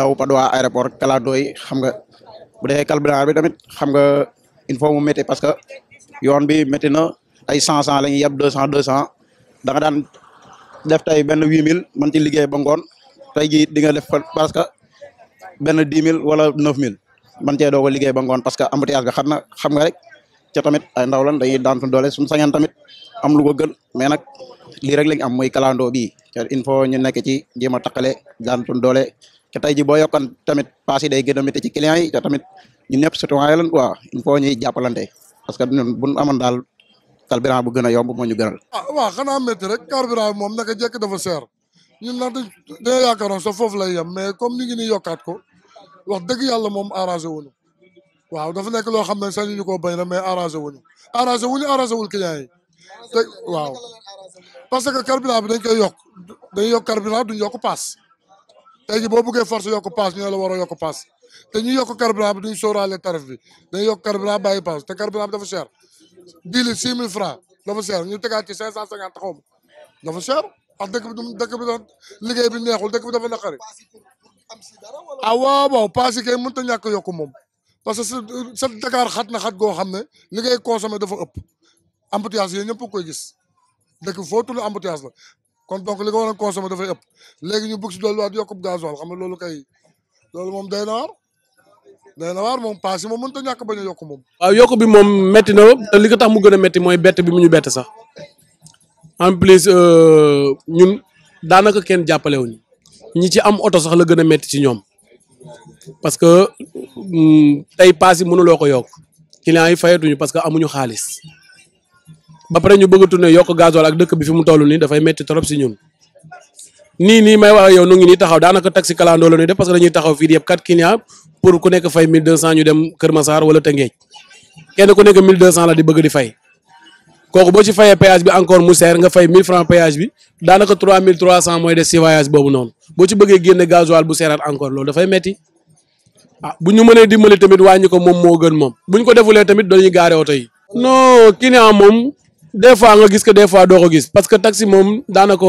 daw ba waa aéroport kalaandoo yi xam nga bu defee bi tamit xam nga il faut mu métti parce que yoon bi métti na ay cent cent la ñuy yab deux cent deux cent da nga daan def tey benn huit mille man ci liggéey ba ngoon tey jii di nga def parce que benn dix mille wala neuf mille man cee doog a liggéey ba ngoon parce que embouteillage bi xam na xam nga rek ca tamit ay ndaw lan dañuy daan doole suñu sañan tamit am lu ko gën mais nag lii rek lañ am muy kalandoo bii il faut ñu nekk ci jéem a taqale daan doole te tey ji boo yokkan tamit paas yi day gën a métti ci yi te tamit ñun ñëpp citoyen lan quoi il faut ñuy jàppalante parce que ñun bu daal carburant bu gën a yomb moo ñu gënal. ah waaw xanaa métti rek carburant moom naka jekk dafa seer ñun nag dañoo yaakaaroon sa foofu lay yem mais comme ñu ngi ni yokkaat ko wax dëgg yàlla moom arrangé wuñu waaw dafa nekk loo xam ne sax ñu ko bañ na mais arrangé wuñu arrangé wuñu arrangé wul clients yi te waaw parce que carburant bi dañ koy yokk dañ yokk carburant duñ yokk paas. tay bo boo bëggee force yokk pass ñu la waro a yokk paas te ñu yokk carburant bi duñ sóoraale tarif bi dañ yokk carburant bàyyi pass te carburant bi dafa cher dix litres six francs dafa cher ñu tegaat ci 550 xom dafa cher ak dëkk bi dëkk bi don liggéey bi neexul dëkk bi dafa naqari ah baw pass paas mën ta ñak a ñàkk yokk parce que sa Dakar xat na xat go xamné ne consommer dafa ëpp embouteillage yi ñëpp koy gis dëkk fo tudd embouteillage la kon donc li nga war consommer consommé dafay ëpp légui ñu bëgg ci si waat yokku gasoil xam nga loolu kay loolu mom day na waar day na waar moom paas yi moom mënut a ñàkk bañ a yokk moom. waaw yokk bi mom metti na te li ko tax mu gëna metti moy bett bi mu ñu bett sax en plus euh ñun daanaka kenn jappalé wuñ ñi ci am auto sax la gëna metti ci ñom parce que mm, tay passé mënu loko yok client yi fayatuñu parce que amuñu xaaliss ba pare ñu bëgg a tourner yokk gasoil ak dëkk bi fi mu toll nii dafay metti trop si ñun nii nii may wax yow nu ngi nii taxaw daanaka taxi kalandoo la ñuy def parce que dañuy taxaw fii di yëpp quatre clients pour ku nekk fay 1200 ñu dem Kër Massar wala kenn ku nekk 1200 la di bëgg di fay kooku boo ci péage bi encore mu seer nga fay 1000 francs péage bi daanaka 3300 mooy des si voyage boobu noonu boo ci bëggee génne gasoil bu seeraat encore loolu dafay metti ah bu ñu mënee dimbali tamit wàññi ko moom moo gën moom bu ñu ko defulee tamit dañuy gaare oto yi. non client des fois nga gis ko des fois doo ko gis parce que taxi moom daanaka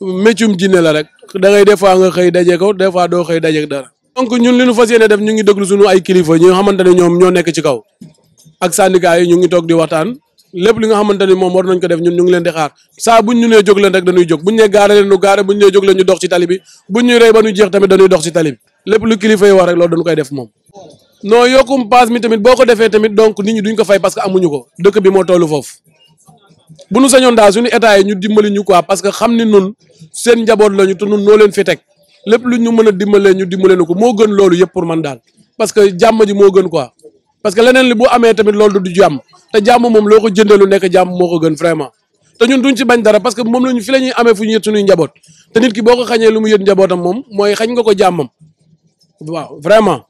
méccum jinne la rek da ngay des fois nga xëy daje ko des doo xëy daje dara. donc ñun li ñu fas yéene def ñu ngi déglu suñu ay kilifa ñi nga xamante ne ñoom ñoo nekk ci kaw ak syndicat yi ñu ngi toog di waxtaan lépp li nga xamante ne moom war nañ ko def ñun ñu ngi leen di xaar saa buñ ñu nee jóg leen rek dañuy jóg buñ ne gaare leen ñu gaare buñ nee jóg leen ñu dox ci tali bi buñ ñu rey ba ñu jeex tamit dañuy dox ci tali bi lépp lu kilifa non yokkum paas mi tamit boo ko defee tamit donc nit ñi duñ ko fay parce que amuñu ko dëkk bi moo tollu foofu bu nu sañoon daal suñu état yi ñu dimbali ñu quoi parce que xam ni nun seen njaboot lañu te nun noo fi teg lépp lu ñu mën a dimbalee ñu dimbaleenu ko moo gën loolu yëpp pour man daal parce que jàmm ji moo gën quoi parce que leneen li bu amee tamit loolu du jàmm te jàmm moom loo ko jëndee lu nekk jàmm moo ko gën vraiment te ñun duñ si bañ dara parce que moom la ñu fi la ñuy amee fu ñu yët suñuy njaboot te ki boo ko xañee lu mu yët njabootam moom mooy xañ nga ko jàmmam waaw vraiment